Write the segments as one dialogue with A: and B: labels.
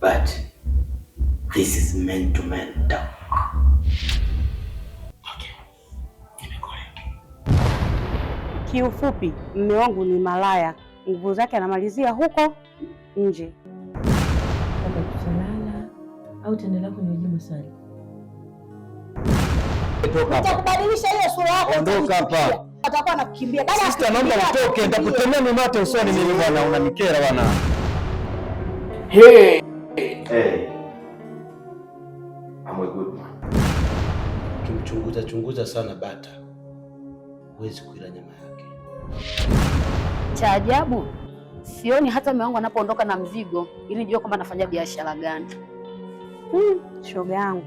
A: But this is meant to men talk.
B: Okay.
C: Kiufupi, mme wangu ni malaya, nguvu zake anamalizia huko nje.
D: Tutalala au taendelea kunijibu swali?
E: Nitakubadilisha ile sura yako.
F: Ondoka hapa.
G: Atakuwa anakukimbia.
F: Sister, naomba utoke, nitakutemea mate usoni mimi bwana, unanikera bwana.
H: Hey.
I: Hey, I'm a good man.
J: Ukimchunguza chunguza sana bata, huwezi kuila nyama yake.
C: Cha ajabu sioni hata mume wangu anapoondoka na mzigo ili nijue kwamba anafanya biashara gani. Hmm, shoga yangu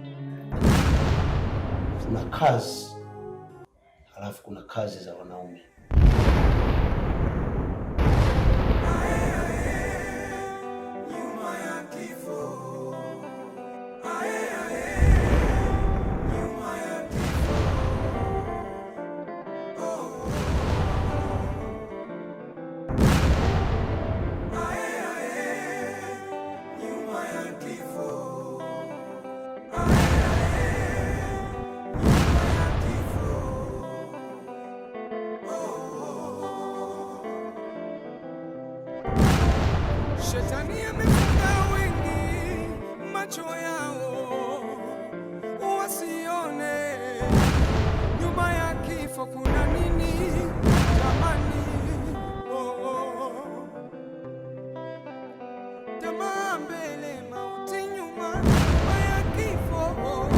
J: kuna kazi halafu kuna kazi za wanaume. Shetani amefunga wengi macho yao wasione nyuma ya kifo
K: kuna nini jamani. Oh, oh, oh. Tamaa mbele, mauti nyuma, nyuma ya kifo oh.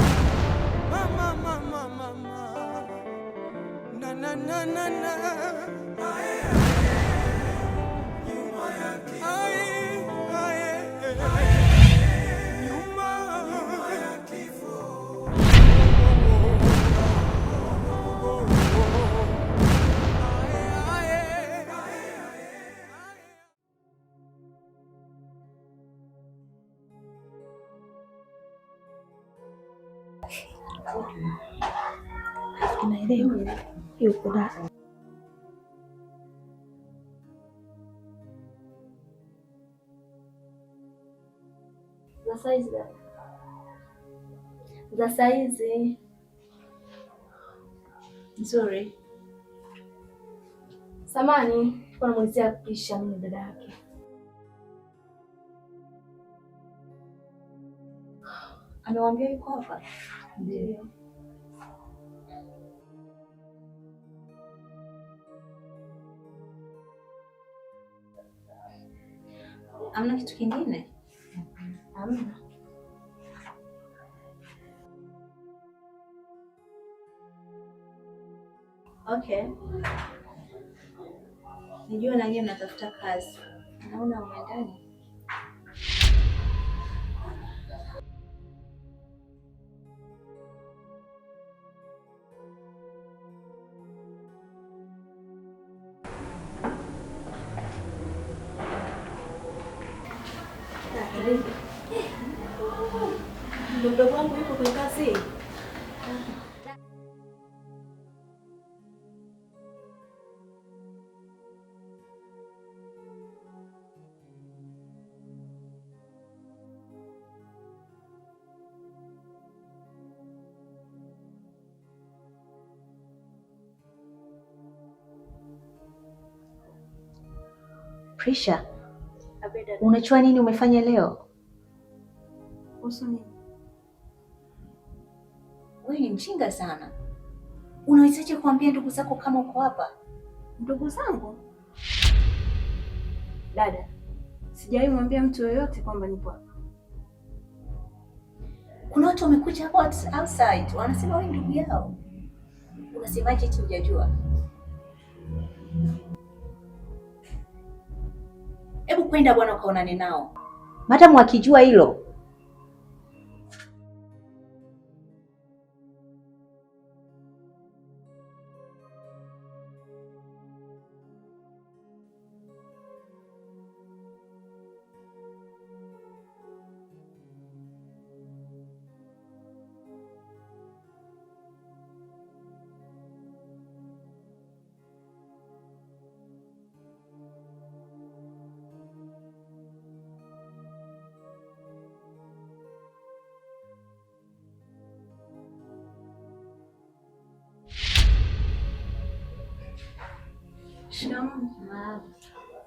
K: Mama, mama, mama. Na, na, na, na, na. Unaelewa yuko za saizi nzuri samani namwezia kupisha mimi dada yake. Amewambia yuko hapa. Amna kitu kingine? Amna. Okay. Nijua nanyi mnatafuta kazi. Naona umeendani Prisha, unachua nini umefanya leo? Wewe ni mchinga sana. Unawezaje kuambia ndugu zako kama uko hapa?
L: Ndugu zangu?
K: Dada, sijawahi mwambia mtu yoyote kwamba nipo hapa. Kuna watu wamekuja hapo outside wanasema wewe ndugu yao. Unasemaje eti hujajua? Hebu kwenda bwana ukaonane nao. Madamu akijua hilo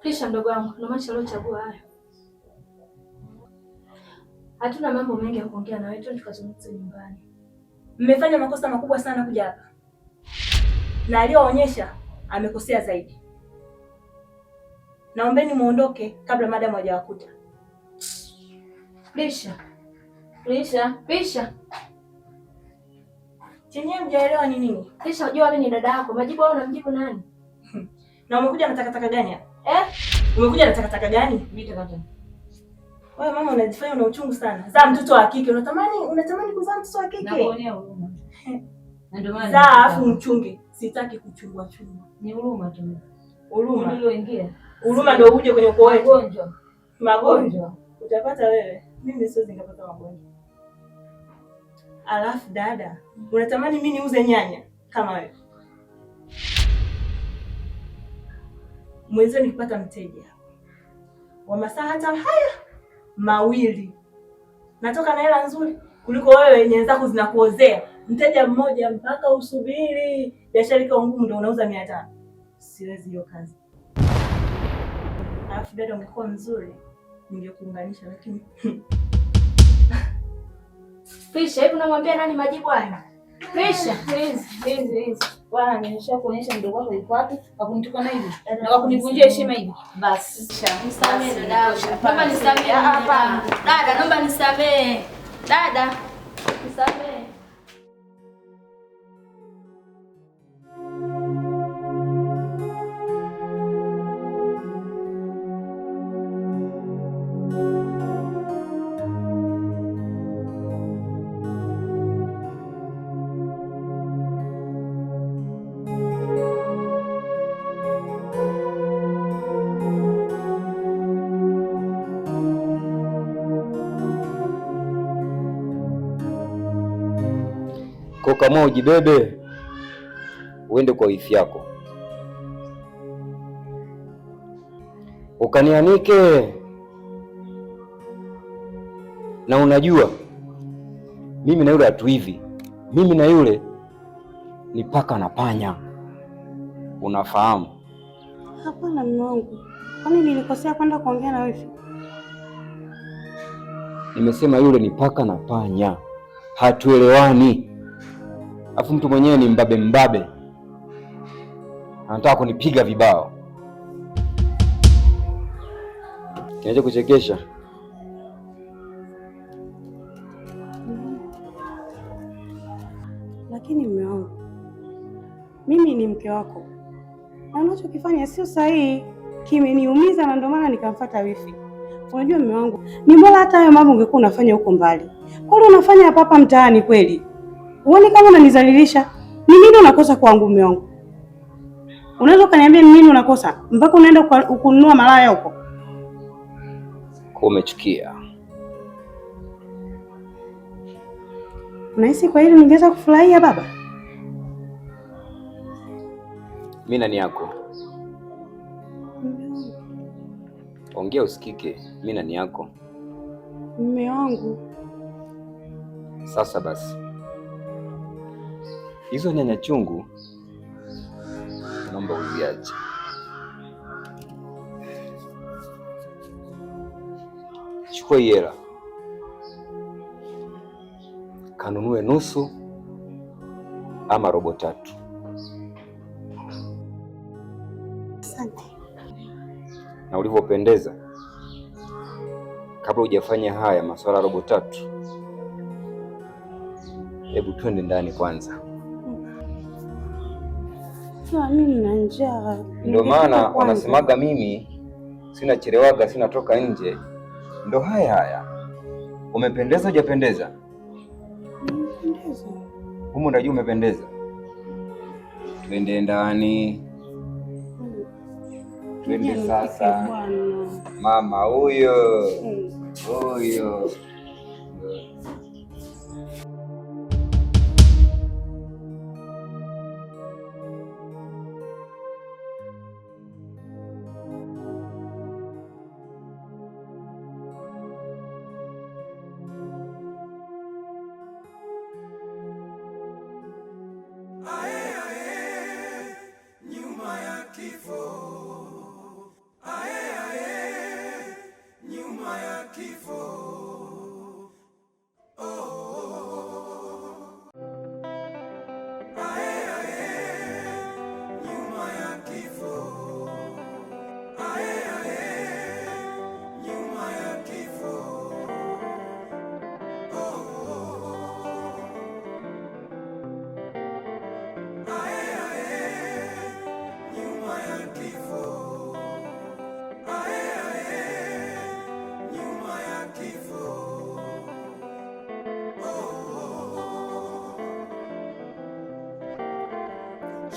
K: Kisha mdogo wangu, ndio aliochagua hayo. Hatuna mambo mengi ya kuongea na wewe, tu nyumbani. Mmefanya makosa makubwa sana kuja hapa, na aliyoonyesha amekosea zaidi. Naombeni muondoke kabla madamu hajawakuta. Pisha pisha pisha, chenyewe mjaelewa ni nini? Pisha, unajua mimi ni dada yako, majibu hayo unamjibu nani? Na umekuja na takataka gani hapa? Eh? Umekuja na takataka gani? Mimi takataka. Wewe mama unajifanya una uchungu sana. Zaa mtoto wa kike. Unatamani unatamani kuzaa mtoto wa kike?
L: Nakuonea huruma. Na ndio maana.
K: Zaa afu mchunge. Sitaki kuchungwa chungwa.
L: Ni huruma tu. Huruma. Ndio ingia.
K: Huruma ndio uje kwenye ukoo wetu. Magonjwa. Magonjwa. Utapata wewe. Mimi siwezi nikapata magonjwa. Alafu dada, unatamani mimi niuze nyanya kama wewe? mwenzio nikipata mteja wa masaa hata haya mawili, natoka na hela nzuri kuliko wewe zako zinakuozea mteja mmoja mpaka usubiri biashara ikiwa ngumu ndio unauza mia tano. Siwezi hiyo kazi. Alafu bado ungekuwa mzuri ningekuunganisha, lakini pisha hivi unamwambia nani majibu haya? Kesha
L: bwana, nimesha kuonyesha mdogo wako yuko wapi, wakunitukana hivi na wakunivunjia heshima hivi. Basi
K: nisamehe dada, naomba nisamehe ah, ah, dada, naomba nisamehe dada, nisamehe
M: ukaamua ujibebe uende kwa wifi yako ukanianike. Na unajua mimi na yule hatu hivi, mimi na yule ni paka na panya, unafahamu?
K: Hapana mume wangu, kwani nilikosea kwenda kuongea na wifi?
M: Nimesema yule ni paka na panya, hatuelewani afu mtu mwenyewe ni mbabe mbabe, anataka kunipiga vibao. Kinacho kuchekesha
K: mm-hmm. lakini mme wangu, mimi ni mke wako na unachokifanya sio sahihi, kimeniumiza na ndio maana nikamfuata wifi. Unajua mume wangu, ni bora hata hayo mambo ungekuwa unafanya huko mbali, kwani unafanya hapa hapa mtaani kweli. Uone kama unanizalilisha. Ni nini unakosa kwangu mume wangu? Unaweza ukaniambia ni nini unakosa mpaka unaenda kununua malaya huko?
M: Kwa umechukia.
K: Unahisi kwa hili ningeweza kufurahia baba?
M: mina nani yako? Ongea usikike. Mimi nani yako?
K: Mume wangu.
M: Sasa basi hizo nyanya chungu naomba uziache. Chukua hii hela kanunue nusu ama robo tatu. Asante. Na ulivyopendeza, kabla hujafanya haya masuala robo tatu, hebu twende ndani kwanza.
K: Sawa, mimi na njaa.
M: Ndio maana wanasemaga mimi sinachelewaga, sinatoka nje. Ndo haya haya, umependeza hujapendeza?
K: Umependeza
M: humu ndajua, umependeza. Twende ndani, twende sasa. Mama huyo hmm. huyo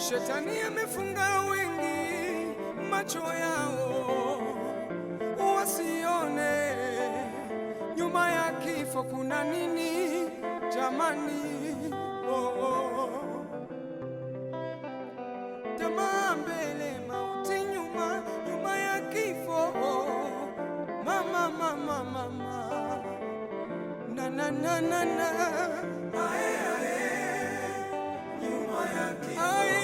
M: Shetani amefunga wengi macho yao wasione nyuma ya kifo kuna nini jamani. Oh, oh. Tamaa mbele, mauti nyuma, nyuma ya kifo mama, mama, mama. Na, na, na, na, na. Ae, Nyuma ya kifo. Ae.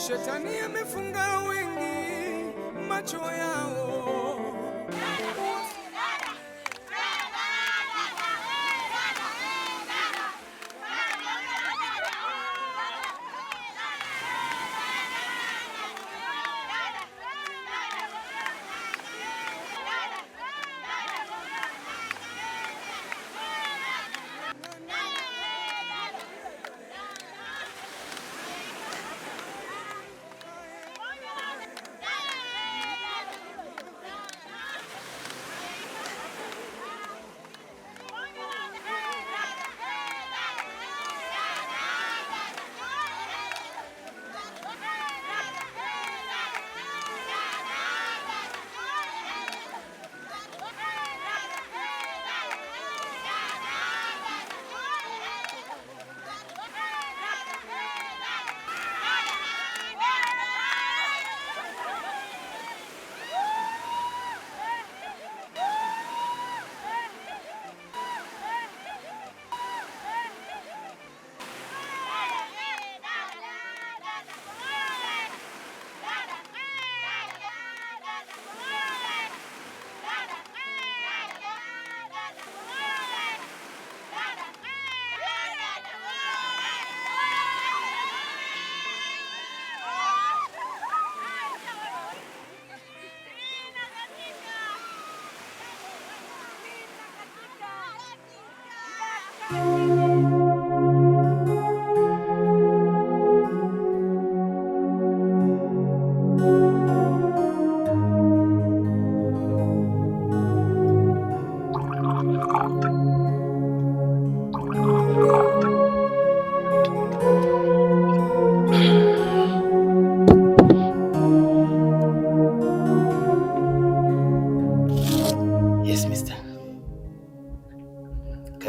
N: Shetani amefunga wengi macho yao.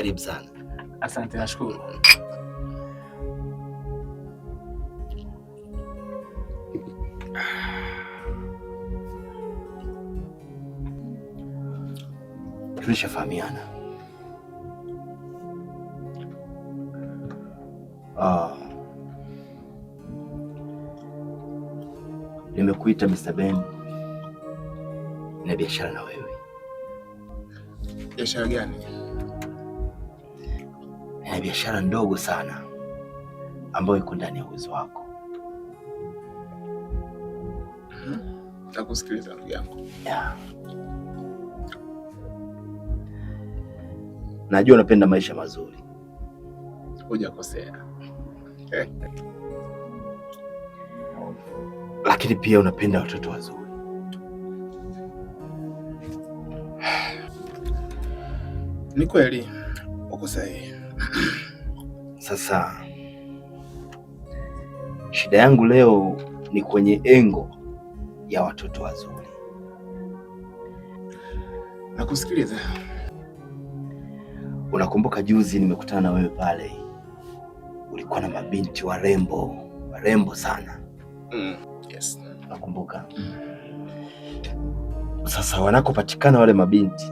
N: Karibu sana.
O: Asante, nashukuru.
N: Tulishafahamiana. Ah. Nimekuita Mr. Ben na biashara na wewe.
O: Biashara gani?
N: biashara ndogo sana ambayo iko ndani ya uwezo wako.
O: Nakusikiliza ndugu yangu.
N: Yeah. Najua unapenda maisha mazuri.
O: Hujakosea.
N: Lakini pia unapenda watoto wazuri.
O: Ni kweli, uko sahihi.
N: Sasa shida yangu leo ni kwenye engo ya watoto wazuri. Nakusikiliza. Unakumbuka juzi nimekutana na wewe pale, ulikuwa na mabinti warembo warembo sana.
O: Mm, yes.
N: Nakumbuka. Mm. Sasa wanakopatikana wale mabinti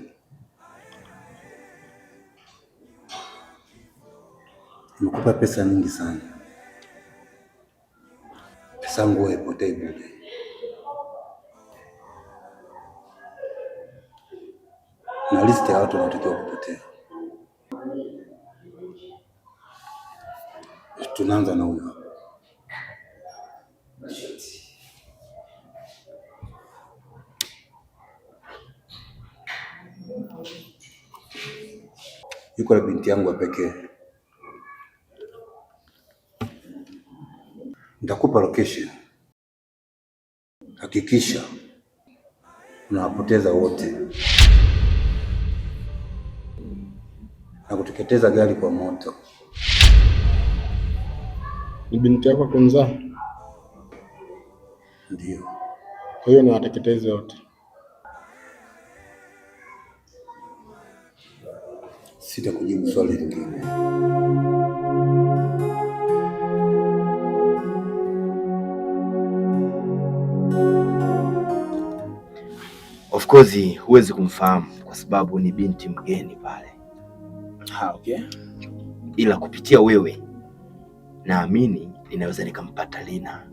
N: hapa pesa nyingi sana, pesa yangu haipotei bure. Na listi ya watu wanaotakiwa kupotea, tunaanza na huyo yuko na binti yangu wa pekee Unapokopa location hakikisha unawapoteza wote na kuteketeza gari kwa moto.
O: Ni binti yako kumzaa? Ndio. Kwa hiyo ni wateketeze wote?
N: Sitakujibu swali lingine. course huwezi kumfahamu kwa sababu ni binti mgeni pale. Ha, ah, okay. Ila kupitia wewe naamini ninaweza nikampata Lina.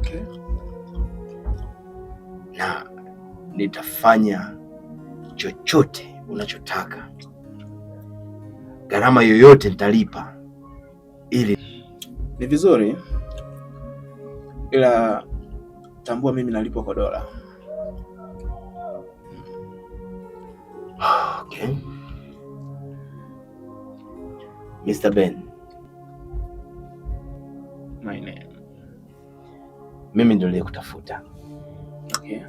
N: Okay. Na nitafanya chochote unachotaka, gharama yoyote nitalipa, ili
O: ni vizuri ila tambua mimi nalipwa kwa dola.
N: Ah, okay. Mr. Ben. My name. Mimi ndio nilikutafuta. Okay.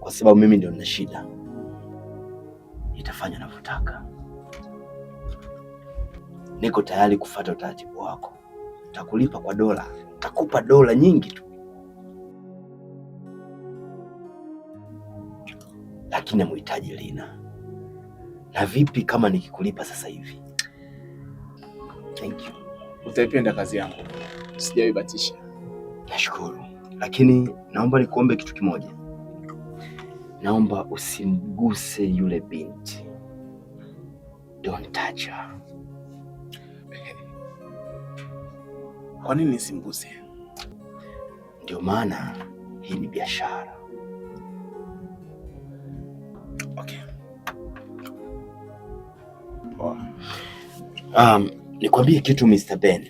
N: Kwa sababu mimi ndio nina shida, Nitafanya navyotaka niko tayari kufata utaratibu wako, takulipa kwa dola, takupa dola nyingi tu, lakini namhitaji Lina. Na vipi kama nikikulipa sasa hivi?
O: Thank you. Utaipenda kazi yangu, sijaibatisha.
N: Nashukuru, lakini naomba nikuombe kitu kimoja. Naomba usimguse yule binti. Don't touch her.
O: Kwa nini nisimguse?
N: Ndio maana hii ni biashara. Okay. Oh. Um, nikwambie kitu Mr. Ben.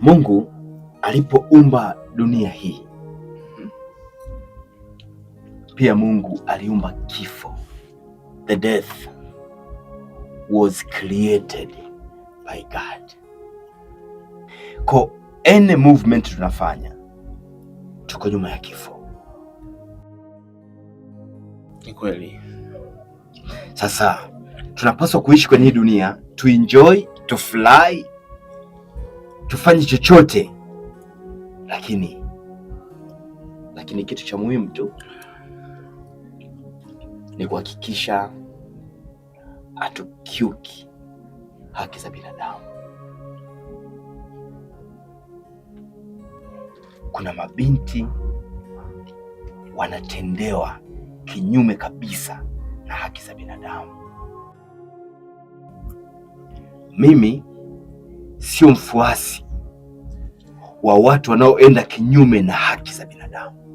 N: Mungu alipoumba dunia hii pia Mungu aliumba kifo, the death was created by God. Ko any movement tunafanya tuko nyuma ya kifo. Ni kweli. Sasa tunapaswa kuishi kwenye hii dunia, tuenjoy, to tufanye chochote, lakini
O: lakini kitu cha muhimu tu
N: ni kuhakikisha hatukiuki haki za binadamu. Kuna mabinti wanatendewa kinyume kabisa na haki za binadamu. Mimi sio mfuasi wa watu wanaoenda kinyume na haki za binadamu.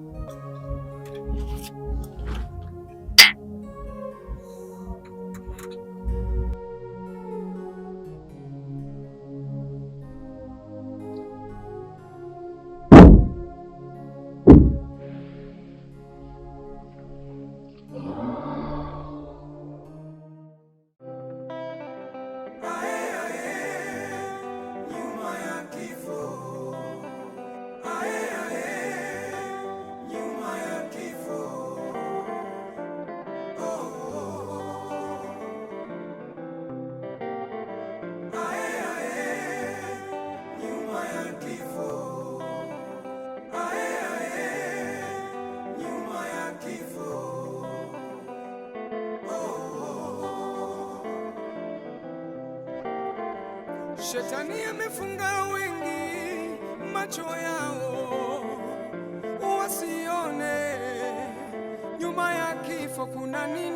P: Shetani amefunga wengi macho yao wasione, nyuma ya kifo kuna nini?